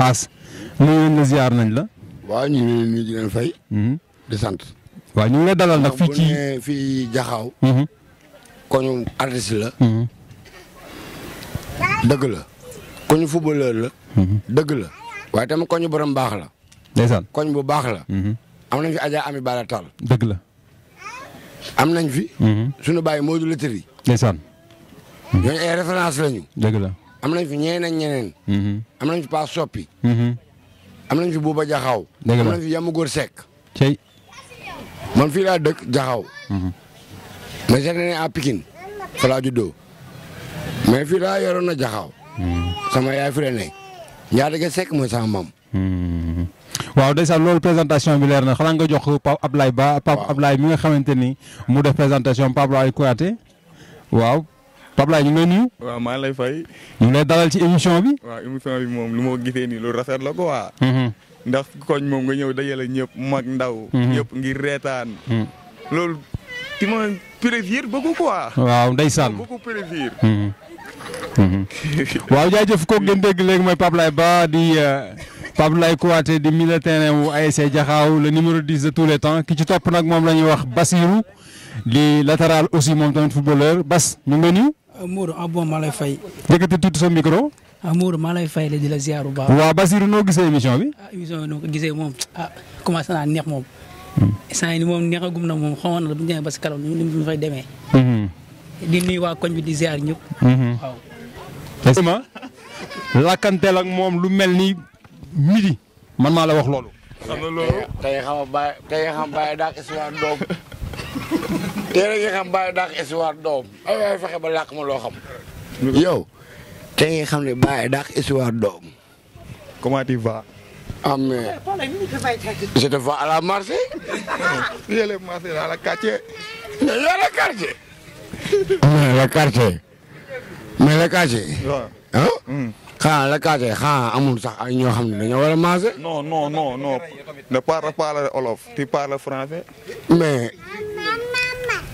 As nuyu nañ la ziar nañ la. waaw ñu leen di leen fay. Mhm. di sant. waaw ñu ngi dalal nag fii ci fii jaxaaw mhm. koñu artiste la. Mhm. dëgg la koñu footballeur la. dëgg la waaye tamit koñu borom baax la. ndeysaan koñ bu baax la. am nañ fi Adja Ami Bala Tall. dëgg la. am nañ fi. suñu bàyyi Modou Lettieri. ndeysaan. ñooñu ay référence lañu. dëgg la. am nañ fi ñeneen ak ñeneen. Mhm. am nañ fi Paa Soppi. Mhm. am nañ fi Bouba Jaxaw. am nañ fi Yamagor Seck. laa dëkk mhm. mais sax laa yoroon na Jaxaw. sama yaay fi la nekk Ndiadege Seck mooy sama maam. waaw ndeysaan loolu présentation bi leer na xanaa nga jox Pape Ablaye Ba Pape Ablaye mi nga xamante ni mu def présentation Pape Ablaye Kouyaté waaw. Pape Laye ñu ngi lay nuyu. waaw maa ngi lay fay. ñu ngi dalal ci émission bi. waaw émission bi moom lu ma gisee nii lu rafet la quoi. Mm-hmm. ndax koñ moom nga ñëw dajale ñëpp mag ndaw. Mm-hmm. ñëpp ngir reetaan. Mm-hmm. loolu ci ma plaisir beaucoup quoi. waaw ndeysaan beaucoup plaisir. waaw jaajëf kooku ngeen dégg léegi mooy Pape Laye Ba di euh, Pape Laye Kouaté di militaire wu ASC Diakhao le numéro 10 de tous les temps ki ci topp nag moom la ñuy wax Basirou di aussi moom tamit footballeur Bas ñu ngi Euh, Mourou ah bon maa lay fay. yëkkati tuuti sa micro. ah Mourou maa lay fay la di la ziar bu baax. waaw Basirou noo gisee émission bi. ah émission bi noo ko gisee moom ah commencé naa neex moom. Hmm. saa yi moom neexagum na moom xamoon na bu ñu demee ba ni mu fay demee. Hmm. di nuyu waa hmm. moom lu mel ni midi man maa la wax loolu. xam nga loolu tey xam nga bàyyi tey xam nga tey rek nga xam bàyyi dàq histoire doom ay waay ba làkk ma loo xam. yow tey nga xam ne bàyyi dàq histoire doom. comment tu vas. ah mais la marché. yéen a marché à la quartier. mais yow la quartier. la quartier. mais la quartier. waaw ah. la quartier xanaa amul sax ay ñoo xam ne dañoo war a marché. non non non non. ne parle pas le wolof tu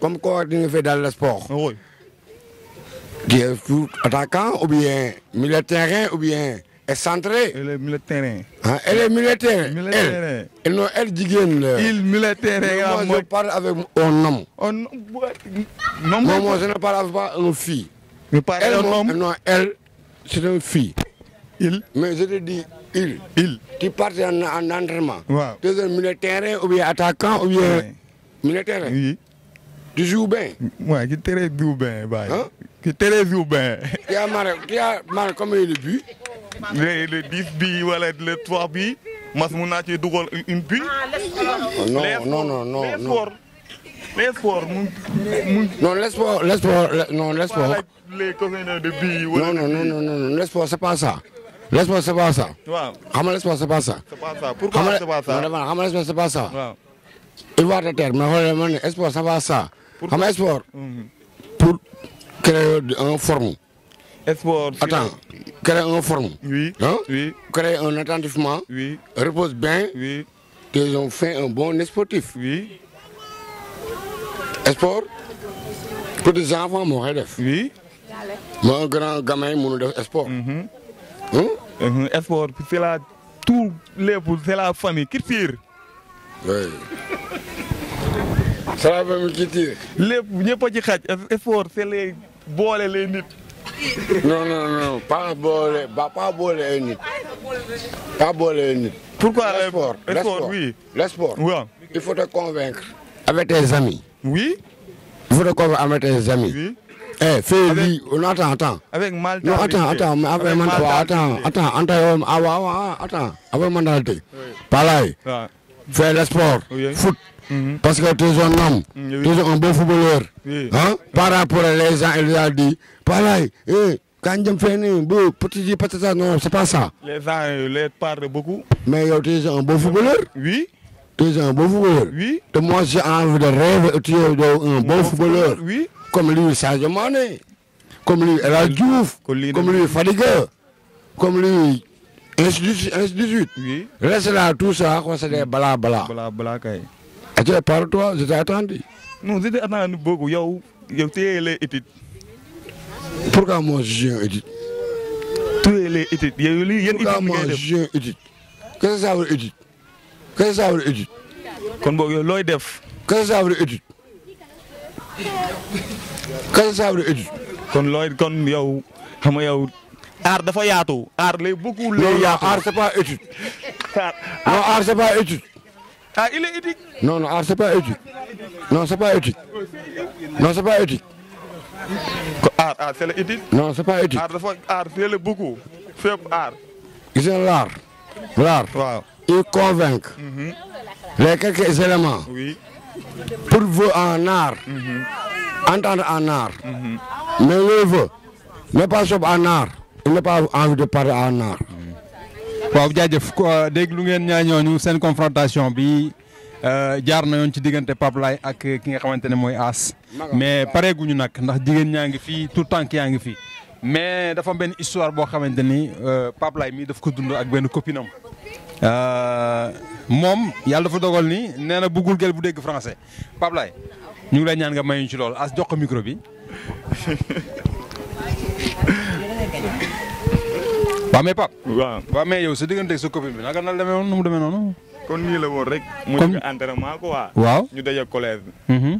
comme coordinateur fédéral de sport. Ah oui. Qui est ou bien milieu ou bien excentré. Elle est milieu ah, elle est milieu elle non elle jigéen la. il terrain. moi je parle avec un homme. non moi je ne parle pas avec une fille. je non elle c'est une fille. mais je te dis il. il tu pars en en entraînement. ou bien attaquant ou bien. milieu du Joubin. Ouais, qui très Joubin, bah. Hein? Qui très Joubin. Qui a marqué, qui Le, le 10 buts, le 3 buts. Mas Mounachi Dougal, une but. Non, non, non, non. L'espoir. L'espoir. Non, l'espoir, l'espoir, non, l'espoir. Non, non, non, non, non, l'espoir, c'est pas ça. L'espoir, c'est pas ça. Waaw. Xam nga l'espoir, c'est pas ça. C'est pas ça. Il va te ma ne espoir, c'est pas Mhm. pour créer un forme. sport attends créer un forme. wi hein? créer un attendissement. oui repose bien. oui qu'ils fait un bon sportif. oui. sport. petits enfants moo koy def. oui. moo grand gamin mënu def sport. Mhm. Mhm. sport c'est la tout lépp c'est la famille culture. salaama mi ci tiir. lépp ñëpp a ci xaj effort c'est les boole les nit. non non non pas boole ba pas boole ay nit pas boole ay nit. pourquoi euh, le sport le sport oui le sport. waaw il faut te convaincre. avec tes amis. oui. il faut te convaincre avec tes amis. oui. eh fais lii on attend attend. avec Malta non attends attends mais avec man waaw attends attends anta yow ah waaw ah attends avec man daal tey. oui. Palaay. waaw fais le sport. foot. Mhm. parce que tu es un homme. Oui. tu es un bon footballeur. Hein? par rapport à les gens, il a dit Palay, eh, quand je me fais petit petit ça, non, c'est pas ça. Euh, Mais tu es un bon footballeur. Tu es un bon footballeur. de rêver, tu es un bon, footballeur. Comme lui, Sadio Comme lui, El Diouf. Comme lui, Fadiga. Comme lui, S18. Oui. Reste là, tout ça, c'est des blabla. Blabla, Ok, parle-toi, je t'ai attendu. Non, je t'ai attendu beaucoup. Yo, yo, tu es l'étude. Pourquoi moi je viens étude Tu es l'étude. Pourquoi moi je viens étude Qu'est-ce que ça veut étude Qu'est-ce que ça veut étude Kon boog yow looy def. Qu'est-ce que ça veut kon looy kon yow xam yow aar dafa yaatu aar lay beaucoup lay yaatu. non aar c'est pas étude. Ah, il est éthique Non, non, ah, c'est pas Non, c'est pas Non, c'est pas éthique. Art, art, Non, c'est pas éthique. Art, dafa art, c'est beaucoup. Fépp art. Gis nga l'art. L'art. Waaw. Il convainc. Mm -hmm. Les quelques éléments. Oui. Pour vous en art. Mm -hmm. Entendre en art. Mm -hmm. Mais le veut. waaw jaajëf euh, dégg lu ngeen ñaa ñooñu seen confrontation bi euh, jaar na yoon ci diggante pablaay ak ki nga xamante ne mooy As mais pareeguñu nag ndax jigéen ñaa ngi fii tout tànk yaa ngi fii mais dafa benn histoire boo xamante ni euh, Pape Laye mii daf ko dund ak benn copine am moom yàlla dafa dogal ni nee na bëggul gel bu dégg français pablaay ñu ngi lay ñaan nga mayuñ ci lool As jox ko micro bi. waaw mais Pape. waaw waaw mais yow sa digganteeg sa copine bi naka demee nu mu noonu. kon nii la woon rek. mu jóge waaw ñu daje collège bi. Mhm.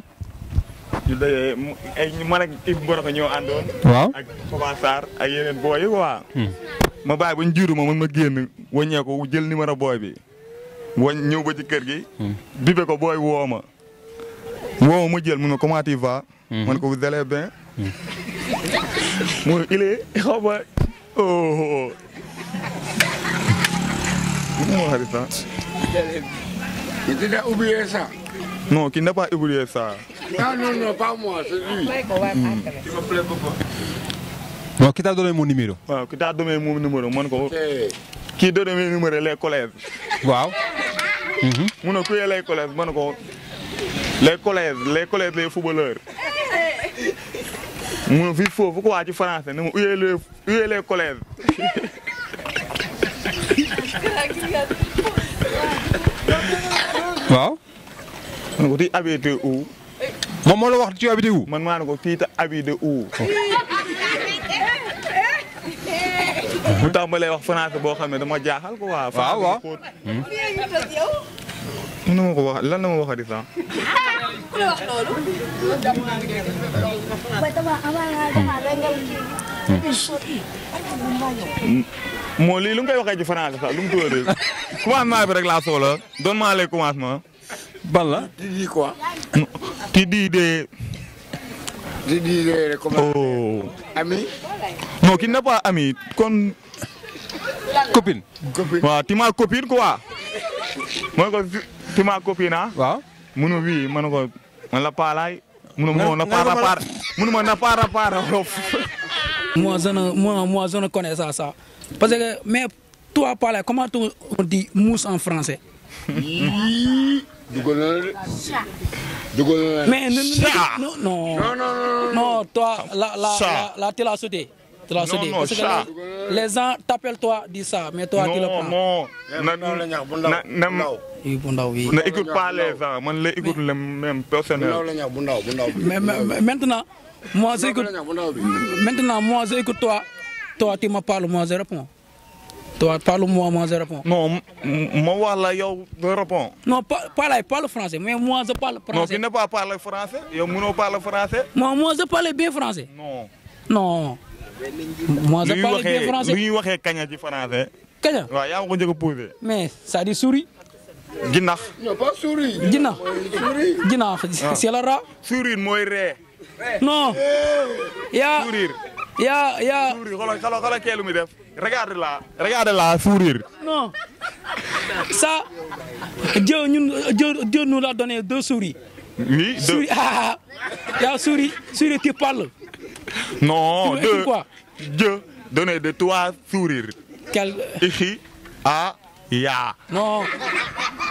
ñu daje mu ay man ak Ibou Boroko ñoo àndoon. waaw ak Papa Sarr ak yeneen booy yi quoi. Hmm. ma bàyyi ba ñu jiitu ma ma génn wàññeeku jël numéro booy bi wañ ñëw ba ci kër gi. Hmm. bibe ko booy woo ma. woo ma ma jël mu hmm. man ko vous mu il est Oh. Tu as oublié ça Non, qui n'a pas oublié ça. Non, non, non, pas moi, c'est lui. Mm. Il me plaît beaucoup. Non, qui t'a donné numéro ouais, Qui t'a donné numéro Moi, okay. Qui donne mon numéro Les collègues. Waouh. Mon collègue, les collègues, les collègues, les mu fii foofu ko waa ci français ne ma uyee les uyee ko ti habité où. moom moo la wax ci habité où. man maa ne ko fii ta habité où. bu tàmbalee wax français boo xam ne dama jaaxal ko waaw. waaw waaw. mën na ma ko wax lan la ma waxati moo hmm. li lu nga koy waxee ci français sax lu mu tudd rek commencement bi rek laa doon maa lay commencement. ban la. di di de. di oh. ami. non ki n'est ami kon. copine. waaw ti ma copine quoi. mooy ko ti ma copine ah. waaw. munu wii mën ko. man la paalaay. munuma na para para munuma na para para moi je ne moi moi je ne connais ça ça parce que mais toi paalaay comment tu on dit mousse en français. dugal na la de. dugal na la mais non non non non toi la la la la tu l'as sauté. te la non, non, ça. Que les, les gens t'appellent toi, dis ça, mais toi, non, tu le prends. Non, non. Eh, bu ndaw bi ne écoute pas les gens man la écoute le même personnel. mais maintenant. moi j'écoute maintenant moi j'écoute toi. toi tu me parles moi je réponds. toi parle-moi moi je réponds. non ma wax la yow nga réponds. non pa Palaye parle français mais moi je parle français. non tu ne parles pas français yow mënoo parler français. non moi je parle bien français. non non. moi je lu ñuy waxee kaña ci français. kaña yaa ma ko njëkk a posé. mais c'est-à-dire souris. Ginax. non ah. mooy ree. non. Eh. yaa sourire. yaa yaa. sourire xoolal la regarde non ça. Dieu ñun l'a donné deux souris. Ah, ah, yaa souris souris tu parles. Non, de quoi Dieu donnait i toi sourire. Quel Ici à Ya. Non.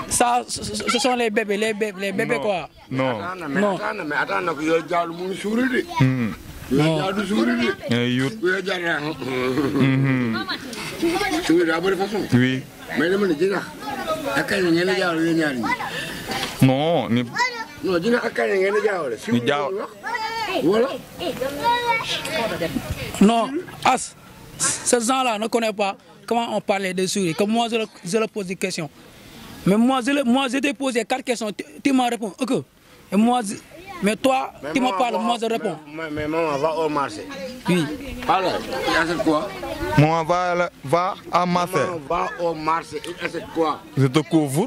Ça ce sont les bébés, les bébés, les bébés quoi Non. Non. Mais attends, nak yow jaalu mu ngi sourire de. Hmm. Yow jaalu sourire de. Eh yut. Yow jaalu. Hmm. Sourire à bonne façon. Oui. Mais dama ne dina. Akay ngeen jaalu yéen ñaar ñi. Non, ni Non, dina akay ngeen voilà. non As ces gens-là ne connaissent pas comment on parlait de souris comme moi je le pose des questions mais moi je le moi je t'ai posé quatre ok mais toi mais tu me moi je réponds. mais maman va au marché. oui. alors il achète quoi. maman va va à marché. maman quoi. je te couvre.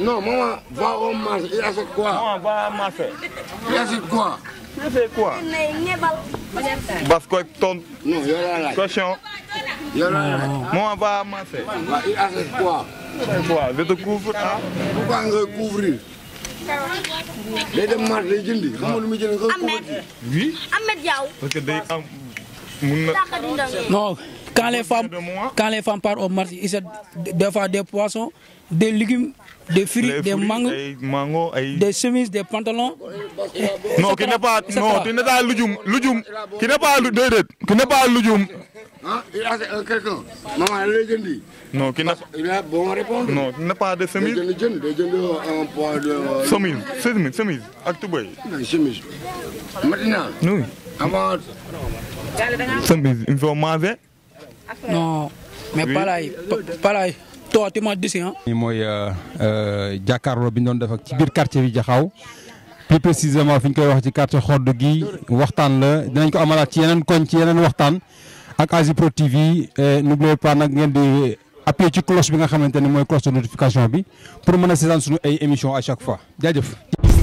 non maman va au marché il achète quoi. maman va au marché. il achète quoi. Il fait quoi Parce que ton question. Moi, on va amasser. Il achète quoi quoi Je te couvre. Pourquoi on couvrir day dem marché day jëndi. xam nga lu muy jënd nga ko. Ahmed. oui Ahmed Diaw. parce que day am ah, mun na. non. Quand les, femmes, quand les femmes partent au marché, ils achètent des fois des poissons, légumes, des fruits, fruits mango, et... des chemises, des Non, qui n'est pas, non, qui n'est pas l'ujum, l'ujum, qui ah, euh, Non, qui n'a ah, pas. Il a Non, il n'a pas de semis. Des jeunes, des jeunes, euh, un poids de. Semis, semis, semis, non mais Palaay Palaay tooti ma disi ah. nii mooy euh, euh, jàkkaarloo bi ñu doon def ci biir quartier bi Jaxaaw plus précisément fi ñu koy wax ci quartier xodd gi waxtaan la dinañ ko amalaat ci yeneen koñ ci yeneen waxtaan ak Asipro TV n'oubliez paan nag ngeen di appuyé ci cloche bi nga xamante ne mooy cloche de notification bi pour mën a seetaan suñu ay émission à chaque fois jaajëf.